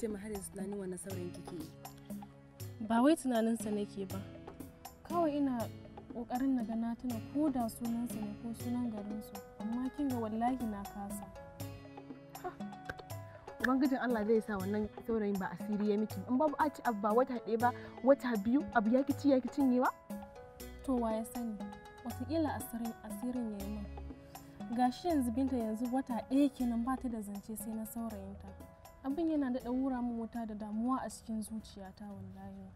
ce ma har yanzu tunanin wannan saurayin kike yi ba wai tunaninsa nake ba kawai ina kokarin na ga na tuna ko da sunansa ne ko sunan garinsu amma kin ga wallahi na kasa ubangijin Allah zai sa wannan saurayin ba asiri ya miki in babu aci abu ba wata ɗaya ba wata biyu abu ya kici ya kicin yi ba to wa ya sani wataƙila asirin asirin ya yi min gashi yanzu binta yanzu wata ɗaya kenan ba ta da zance sai na saurayinta abin yana da ɗaura min wuta da damuwa a cikin zuciyata wallahi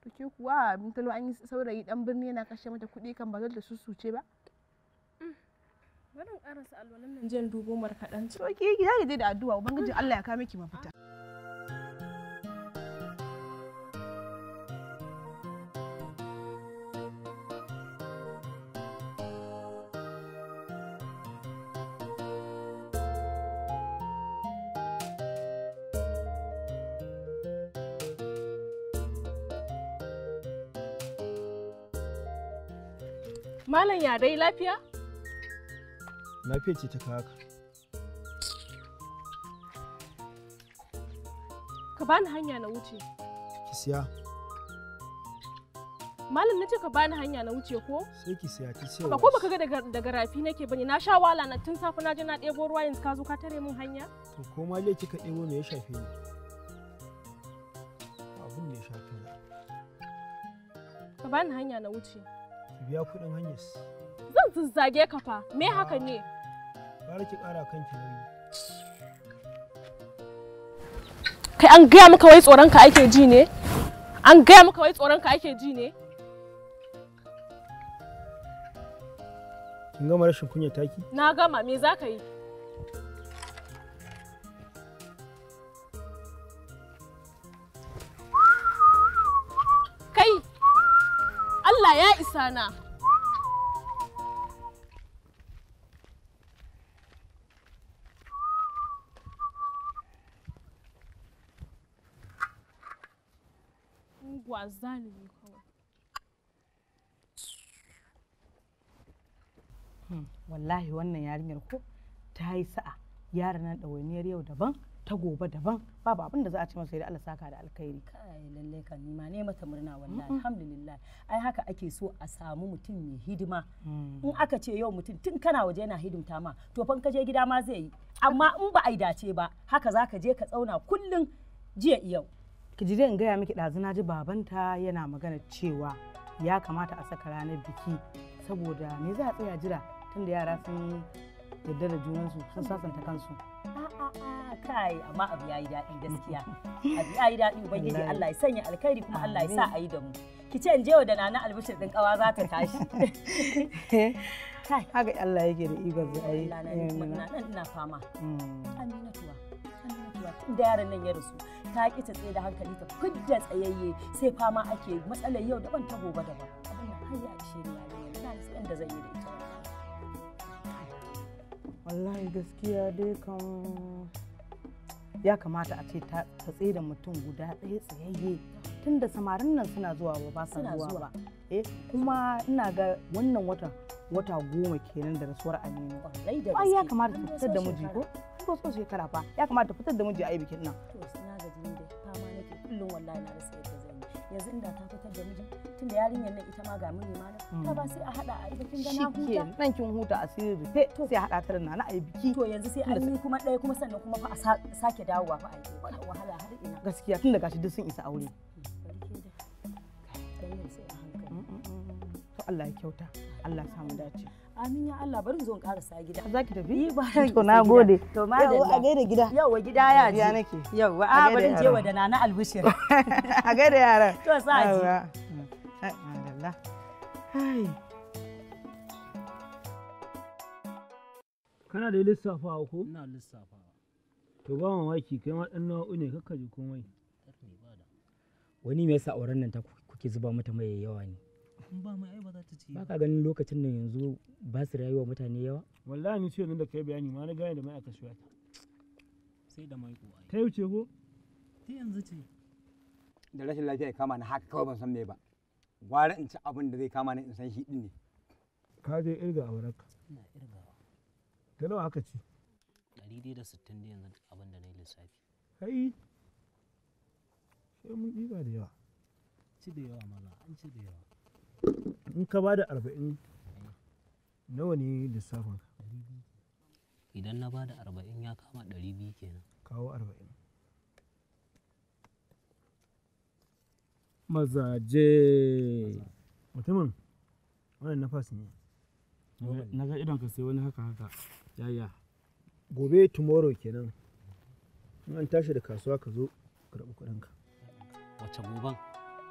to ke kuwa bintalo an yi saurayi dan birni yana kashe mata kuɗi kan ba zai da susuce ba in ƙarasa alwalan nan jan dubo markaɗanci to ki gida da addu'a ubangiji Allah ya kawo miki mafita Anya dai lafiya? Lafiya ce ta kawo ka. bani hanya na wuce. Ki siya. Malam na ce ka bani hanya na wuce ko? Sai ki siya ki siya. Ba ko baka ga daga rafi nake bane na sha wala na tun safe na je na ɗebo ruwa yanzu ka zo ka tare min hanya? To ko ma lai kika ɗebo me ya shafe ni? Abun da ya shafe ni. Ka bani hanya na wuce. biya kuɗin hanyar zan zage ka fa me ah. haka ne bari ki ƙara kanki nauyi kai an gaya maka wai tsoron ka ake ji ne an gaya maka wai tsoron ka ake ji ne kin gama rashin kunya taki na gama me za ka yi Allah ya isa na. Hmm, wallahi wannan yarinyar ko ta yi sa'a yaran nan ɗawainiyar yau daban ta gobe daban babu abin da za a ci masa da Allah saka da alkhairi kai lalle kan ni ma ne mata murna wallahi alhamdulillah ai haka ake so a samu mutum mai hidima hmm. in aka ce yau mutum tun kana waje yana hidimta ma to fa je gida ma zai yi amma in ba ai dace ba haka zaka je ka tsauna kullun jiya yau ki ji in gaya miki na ji babanta yana magana cewa ya kamata a saka ranar biki saboda me za a tsaya jira tunda yara sun yarda da junansu sun sasanta kansu kai amma abu yi daɗi gaskiya abu yayi daɗi ubangiji Allah ya sanya alkhairi kuma Allah ya sa a yi da mu ki ce in je wa da na albishir din kawa za ta tashi kai haka Allah yake da ibar da ai na nan ina fama mm. aminatuwa aminatuwa tun da yaron nan ya rasu ta ki ta tsaye da hankali ta kudda tsayayye sai fama ake matsalar yau daban ta gobe daban abin nan har ya ishe ni yayin na da zan yi da wallahi gaskiya dai kan ya kamata a ce ta tsaye da mutum guda ɗaya tsayayye tun da samarin nan suna zuwa ba ba suna zuwa ba eh kuma ina ga wannan wata wata goma kenan da rasuwar aminu ba ya kamata ta fitar da miji ko ko so shekara fa ya kamata ta fitar da miji a yi bikin nan to na gaji jini da fama nake kullum wallahi na rasa yanzu inda ta fitar da tun da yarinyar nan ita ma ga mini ma ta mm. ba sai a hada a ita kin ga na huta nan kin huta a sirri rufe sai a hada ta nan na ayi biki to yanzu sai an yi kuma ɗaya kuma sannan kuma fa a sake dawowa fa yi wahala har ina gaskiya tun da gashi duk sun isa aure mm, mm, to Allah ya kyauta Allah ya samu dace amin ya Allah barin zo in karasa gida za ki tafi ba to na gode to ma da gida ya ji a bari je a gaida da lissafawa ko ina lissafawa to ba mamaki kai ma dan nawa ne kakka komai wani me yasa auren nan ta kuke zuba mata mai yawa ne ba mai ba za ta ci ba ka ganin lokacin nan yanzu ba su rayuwa mutane yawa wallahi ni sai da kai bayani ma na gane da mai aka shi ta sai da mai kuwa ta wuce ko ta yanzu ce da rashin lafiya ya kama na haka kawai ban san me ba gwara in ci abin da zai kama ni in san shi din ne ka je irga a aurarka ina irgawa ta nawa aka ci ɗari dai da sittin da yanzu abin da na yi lissafi kai sai mun ɗiba da yawa ci da yawa maza an ci da yawa in ka bada arba'in nawa ne lissafin idan na bada arba'in ya kama ɗari biyu kenan kawo arba'in mazaje mutumin wannan na fasi ne na ga idan ka sai wani haka haka ya ya. gobe tomorrow kenan in an tashi da kasuwa ka zo ka rabu kuɗinka Wacce goban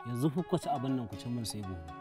yanzu fa kwace abin nan ku ci min, sai gobe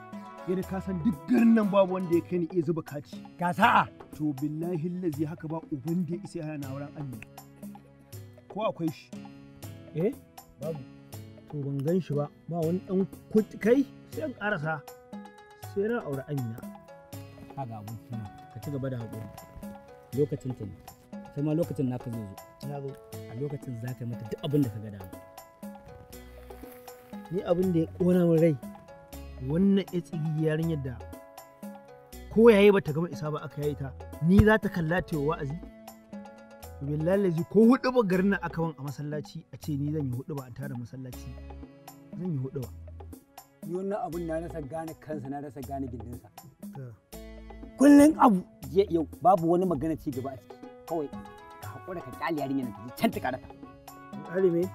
kai ka san duk garin nan babu wanda ya kai ni iya zuba kaci. ga sa'a to billahi lazi haka ba uban da ya isa yana na wurin Allah ko akwai shi eh babu to ban gan shi ba ba wani dan kai sai an karasa sai ran aure amina ga abokina ka ci gaba da haƙuri lokacin ta ne sai ma lokacin naka zai zo na zo a lokacin za ka mata duk abin da ka ga dama ni abin da ya ƙona min rai wannan ya tsigi yarinyar da ko yayi bata gama isa ba aka yi ta ni za ta kalla ta yi wa'azi billahi ko hudu ba garin nan aka wan a masallaci a ce ni zan yi hudu ba a tara masallaci zan yi hudu ba ni wannan abun na rasa gane kansa na rasa gane gindinsa kullum abu jiya yau babu wani magana ci gaba a ciki kawai ka haƙura ka kyale yarinyar na ta can ta karata alime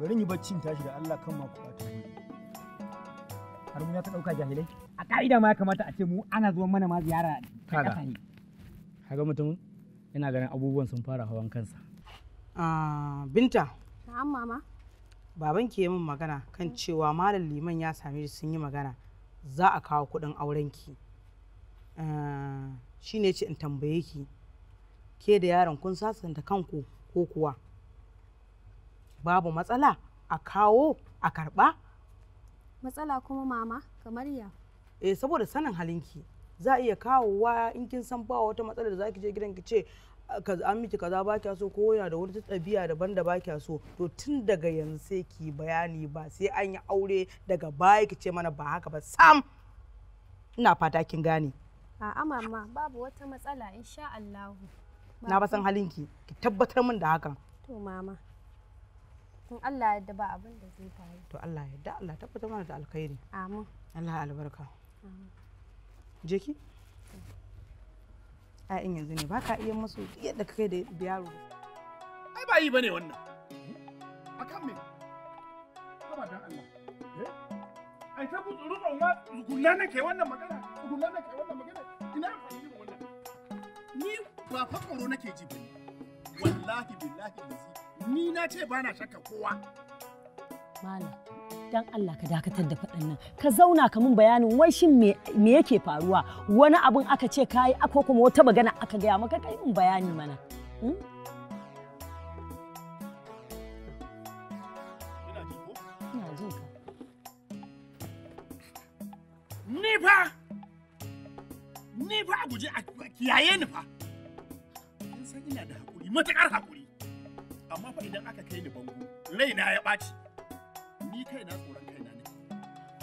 bari yi baccin tashi da Allah kan makuwa ta har ta dauka jahilai a ka'ida ma ya kamata a ce mu ana zuwa mana ma ziyara ta kasa ne kaga mutum yana ganin abubuwan sun fara hawan kansa ah, binta na'am mama baban ke yi min magana kan cewa malam liman ya same shi sun yi magana za a kawo kuɗin aurenki ah, shi ne ce in tambaye ki ke da yaron kun sasanta kanku ko kuwa babu matsala a kawo a karɓa matsala kuma mama kamar ya eh saboda sanin halinki za a iya kawowa in kin san ba wata matsala da zaki je gidan ki ce an miki kaza ba kya so ko yana da wata tabiya daban da ba kya so to tun daga yanzu sai ki bayani ba sai an yi aure daga baya ki ce mana ba haka ba sam ina fata kin gane a'a mama babu wata matsala insha Allah na ba san halinki ki tabbatar min da hakan to mama in Allah yadda ba abin da zai faru to Allah yadda Allah tabbatar mana da alkhairi amin Allah ya albarka jeki ki in yanzu ne baka iya musu yadda kake da yaro ai ba yi bane wannan akan me ba dan Allah eh? ai ta ku tsuru ma gulla nake wannan magana gulla nake wannan magana ina amfani wannan ni ba fa nake ji bane wallahi billahi lazim ni na ce ba na shakka kowa Mala, dan Allah ka dakatar da faɗan nan ka zauna ka mun bayanin wai shin me yake faruwa wani abin aka ce yi ko kuma wata magana aka gaya maka kai mun bayani mana hmm? Ni fa ni fa a guje a kiyaye ni fa ina da hakuri matuƙar hakuri amma fa idan aka kai ni bango raina ya ɓaci ni kaina tsoron kaina ne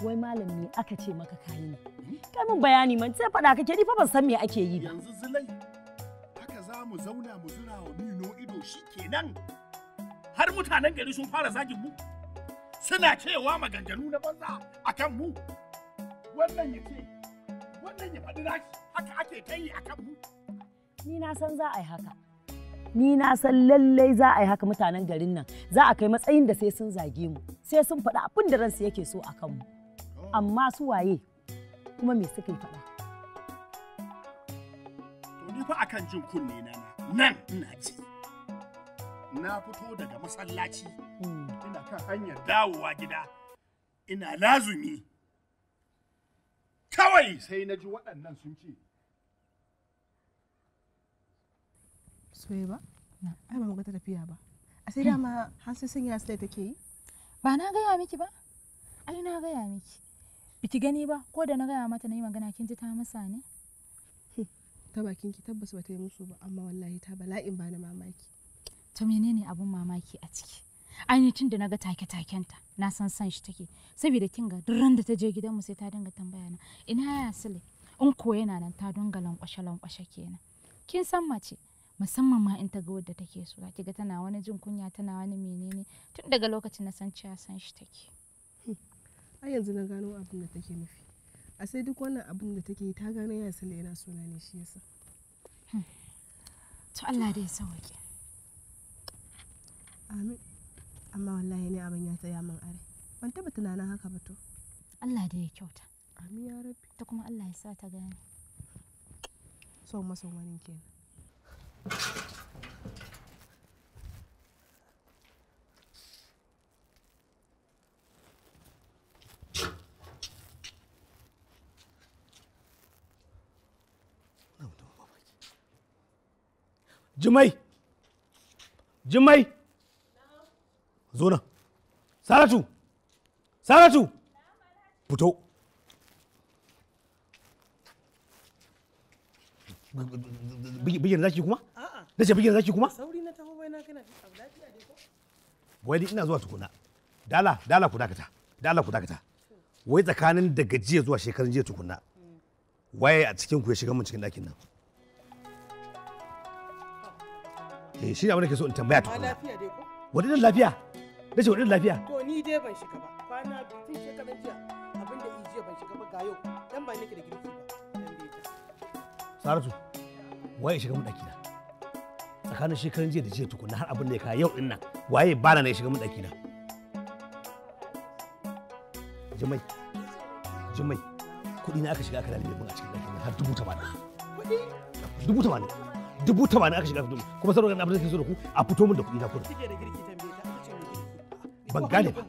wai malam me aka ce maka kayi ne hmm? kai min bayani man sai faɗa kake ni fa ban san me ake yi ba yanzu zulai haka za mu zauna mu zura wa mino ido shikenan har mutanen gari sun fara zagin mu suna cewa maganganu na banza akan mu wannan ya ce wannan ya faɗi naki haka ake kai a akan mu ni na san za a yi haka ni na san lallai za a yi haka mutanen garin nan za a kai matsayin da sai sun zage mu sai sun faɗi abin da ransu yake so a kanmu oh. amma su waye kuma me suka yi faɗa ni fa akan jin kunne na nan ina ci na fito daga masallaci hmm. ina kan hanyar dawowa gida ina lazumi kawai sai na ji waɗannan sun ce soye ba ai ba tafiya ba a sai dama hmm. hansu sun take yi ba na gaya miki ba ai na gaya miki biki gani ba ko da na gaya mata na yi magana kin ji ta masa ne ta bakin ki tabbas ba ta yi musu ba amma wallahi ta bala'in ba na mamaki menene abun mamaki a ciki tun da na ga take ta na san san shi take saboda kin ga duk ran da ta je gidanmu sai ta dinga tambaya na ina ya sule in ko yana nan ta dinga lankwashe lankwashe kenan kin san mace musamman ma in ta ga wadda take so za ki ga tana wani jin kunya tana wani menene tun daga lokacin na san cewa san shi take ai yanzu na gano abin da take nufi a sai duk wannan abin da take ta gano ya san da yana so na ne shi yasa to Allah da ya sauke amin amma wallahi ne abin ya tsaya min are ban taba tunanin haka ba to Allah da ya kyauta amin ya rabbi ta kuma Allah ya sa ta gane sau masan wani kenan Jimai! Jimai! Zo nan. Saratu! Saratu! Fito! Bigin zaki kuma? da ce bigin zaki kuma sauri na taho bai na kana lafiya dai ko wai dai ina zuwa tukuna dala dala ku dakata dala ku dakata wai tsakanin daga jiya zuwa shekarun jiya tukuna Wai a cikin ku ya shiga mun cikin dakin nan eh shi abin da ke so in tambaya tukuna lafiya dai ko? wani dan lafiya na ce wani dan lafiya to ni dai ban shiga ba kwana biyu shekarun jiya abin da jiya ban shiga ba ga yau dan ba nake da girki ba saratu wai shiga mun ɗakina tsakanin shekarun jiya da jiya tukuna har abin da ya kawo yau din nan waye bana na shiga mun daki na jimai jimai kudi na aka shiga aka dalibe mun a cikin daki har dubu tamanin dubu tamanin dubu tamanin aka shiga aka dubu kuma saboda abin da ke so da ku a fito mun da kudi na kudi ban gane ba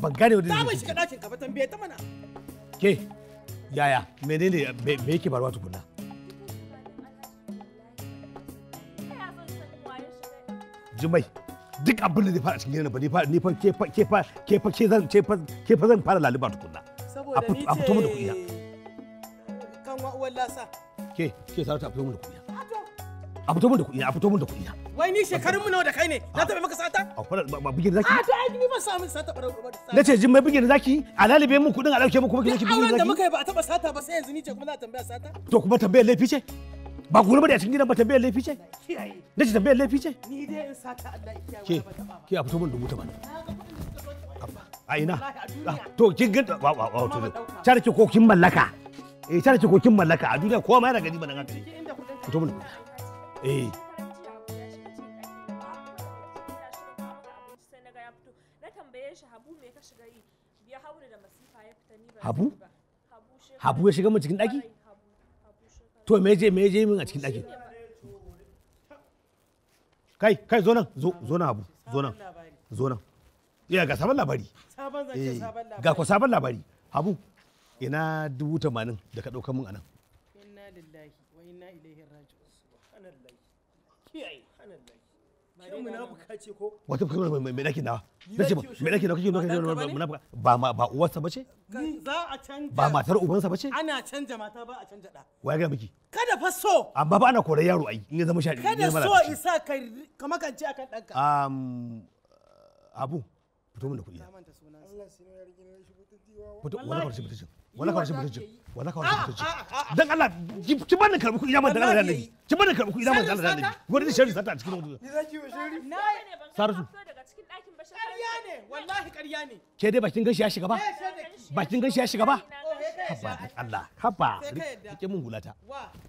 ban gane wanda zai shiga dakin ka ba tambaye ta mana ke yaya menene me yake barwa tukunna jimai duk abin da zai fara cikin gina ba nifa fa ke fa ke zan zan fara laluba tukunna a fito mu da kuɗi kan wa ke ke sarauta a fito mu da kuɗi a fito mu da kuɗi a wai ni shekarun mu da kai ne na maka sata a fara bigin zaki a ce jin mai zaki a lalibe mu kuɗin a mu kuma bigin zaki a taɓa kuma tambaya tambayar laifi ce ba ku da cikin gidan ba tambayar laifi ce na ce tambayar laifi ce ni dai in sata Allah ya kiyaye ba ke a fito min dubu ta bana a ina ah, to kin ga ba ba ba to ta rike kokin mallaka eh ta rike kokin mallaka a duniya kowa ma yana gani ba nan haka fito min eh Habu? Habu ya shiga mu cikin ɗaki? to me je me je min a cikin ɗakin kai kai zo nan zo zo nan abu zo nan zo nan ya ga sabon labari eh, ga ko sabon labari abu ina dubu tamanin da ka ɗauka min anan inna lillahi wa inna ilaihi raji'un subhanallahi kiyaye subhanallahi wata fuskar mai nake nawa nace ba mai nake Na kake nuna kake munafuka ba ma ba uwarsa bace za a canja ba matar ubansa ce? ana canja mata ba a canja da waya ga miki kada fa so amma ba ana yaro ai in ya zama shaɗi kada so isa kai kamar kan ce akan danka um abu fito mun da kuɗi fito wani kwarci wala kawai mutum jin wala kawai mutum jin dan Allah ki bani karbi kuɗi na manzan Allah ne ki bani karbi kuɗi na manzan Allah ne wani da shari sata a cikin wani ni zaki wa shari na ne ban sarsu ƙarya ne wallahi ƙarya ne ke dai bakin gashi ya shiga ba eh, bakin gashi ya shiga ba oh, haba Allah haba rike mun gulata.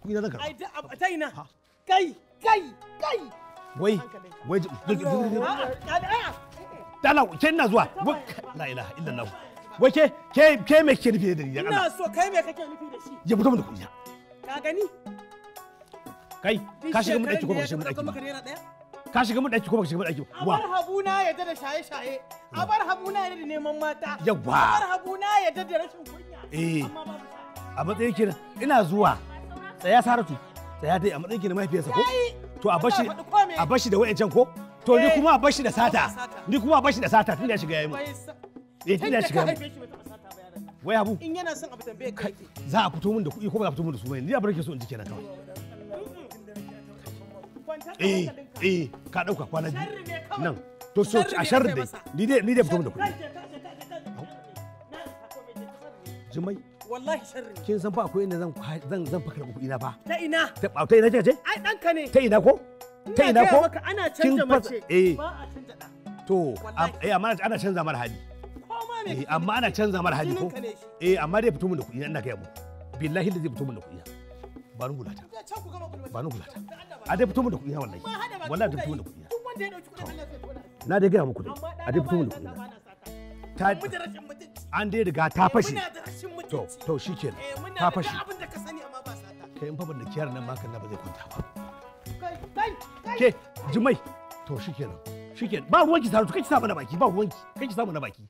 Ku na zan karbi ai ta ina kai kai kai wai wai ah, ah, dala kenan zuwa la ilaha illallah wai ke ke ke me kike nufi da ni ina so kai me kake nufi da shi ya fito mun da kunya ka gani kai ka shiga mun daki ko ba shiga mun daki ba ka shiga mun daki ko ba shiga mun daki ba wa abar habuna ya da shaye shaye abar habuna ya da neman mata yawa abar habuna ya da rashin kunya eh a matsayin kina ina zuwa tsaya saratu tsaya dai a matsayin kina mahaifiyarsa ko to a bashi a bashi da wayancan ko to ni eh. kuma a bashi da sata ni kuma a bashi da sata tun da ya shiga yayi mu eh ina shiga wai abu in yana son abu tambaye kai za a fito min da kuɗi ko ba za a fito min da su bane ni ke so in ji kenan kawai eh eh ka dauka kwana biyu nan to so a sharri dai ni dai ni dai fito min da kuɗi jimai wallahi sharri kin san fa akwai inda zan zan zan fakar kuɗi na ta ina ta ba ta ina kika ce ai danka ne ta ina ko ta ina ko ana mace eh. ba a canja da to eh amma ana canza mara hali eh amma ana canza mara hali ko eh amma dai fito mun da kuɗi ina ga mu billahi da zai fito mun da kuɗi ba ni gulata ba ni gulata a dai fito mun da kuɗi wallahi wallahi da fito mun da kuɗi na dai ga muku dai a dai fito mun da kuɗi ta an dai riga ta eh, fashe to to shikenan eh, ta fashe kai in fa ban da kiyar nan ma kan na ba zai kwanta ba ke jimai to shikenan shikenan ba ruwanki sa to kai ki saba baki ba ruwanki kai ki saba na baki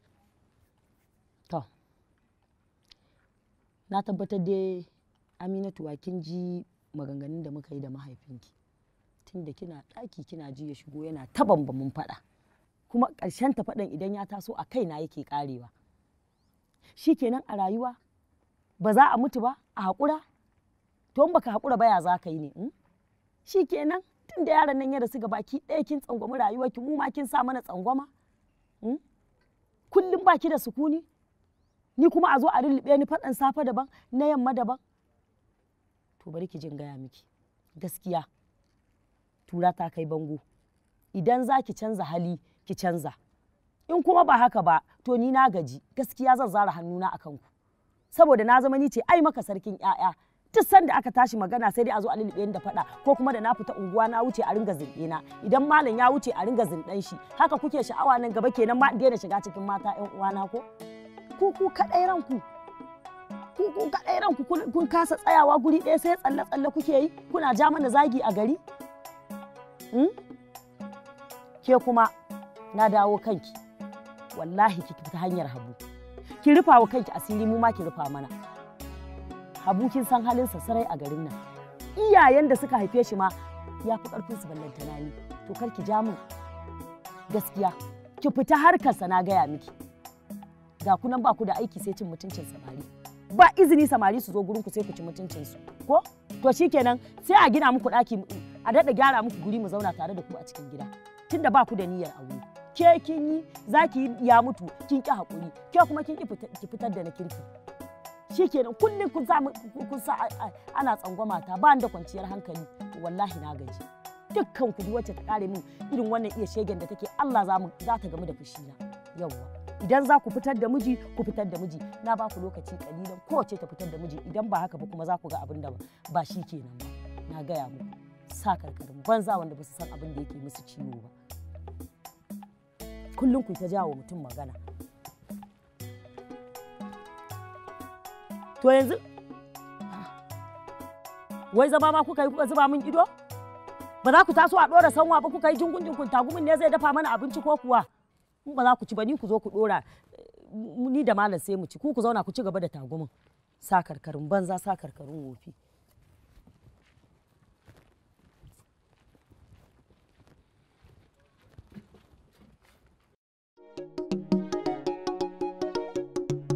na tabbatar dai Aminatu wa kin ji maganganun da muka yi da mahaifinki tunda kina ɗaki kina ji ya shigo yana ta bambamin faɗa kuma ƙarshen ta faɗan idan ya taso a kaina yake ƙarewa kenan a rayuwa ba za a mutu ba a hakura? to in baka haƙura ba ya za ka yi ne hmm? shikenan tun da yaran nan ya rasu baki ɗaya kin tsangwami rayuwarki mu ma kin sa mana tsangwama hmm? kullum baki da sukuni ni kuma a zo a rillibe ni faɗan safe daban na yamma daban to bari ki jin gaya miki gaskiya tura ta kai bango idan za ki canza hali ki canza in kuma ba haka ba to ni na gaji gaskiya zan zara hannuna a kanku saboda na zama ni ce ai maka sarkin 'ya'ya duk sanda aka tashi magana sai dai a zo a ni da faɗa ko kuma da na fita unguwa na wuce a ringa zinɗe na idan malam ya wuce a ringa zinɗan shi haka kuke sha'awa nan gaba kenan ma in daina shiga cikin mata 'yan uwana ko ku ku ranku ku ku kaɗai ranku kun kasa tsayawa guri ɗaya sai tsalle-tsalle kuke yi kuna ja mana zagi a gari hmm? ke kuma na dawo kanki wallahi ki ta hanyar habu ki rufa wa kanki asiri mu ma ki rufa mana habu kin san halinsa sarai a garin nan iyayen da suka haife shi ma ya fi karfin su ballantana ni to kar ki ja mu gaskiya ki fita harkarsa na gaya miki ga kunan ba ku da aiki sai cin mutuncin samari ba izini samari su zo gurin ku sai ku ci mutuncin su ko to shikenan sai a gina muku daki a dada gyara muku guri mu zauna tare da ku a cikin gida tunda ba ku da niyyar aure ke kin yi za ya mutu kin ki hakuri ke kuma kin ki fitar da na kirki shikenan kullun kun sa kun sa ana tsangwama ta ba da kwanciyar hankali wallahi na gaji dukkan ku wacce ta kare min irin wannan iya shegen da take Allah za ta gamu da fushi na yawwa idan za ku fitar da miji ku fitar da miji na ba ku lokaci kalilan kowace ta fitar da miji idan ba haka ba kuma za ku ga abin da ba shi kenan ba na gaya muku sa karkarin banza wanda ba su san abin da yake musu ciwo ba kullum ku ta jawo mutum magana to yanzu wai zama ma kuka yi kuka zuba min ido ba za ku taso a ɗora sanwa ba kuka yi jingun jingun tagumin ne zai dafa mana abinci ko kuwa in ba za ku ci ba ni ku zo ku dora ni da malam sai mu ci ku ku zauna ku ci gaba da tagumin sakarkarin banza sakarkarun wofi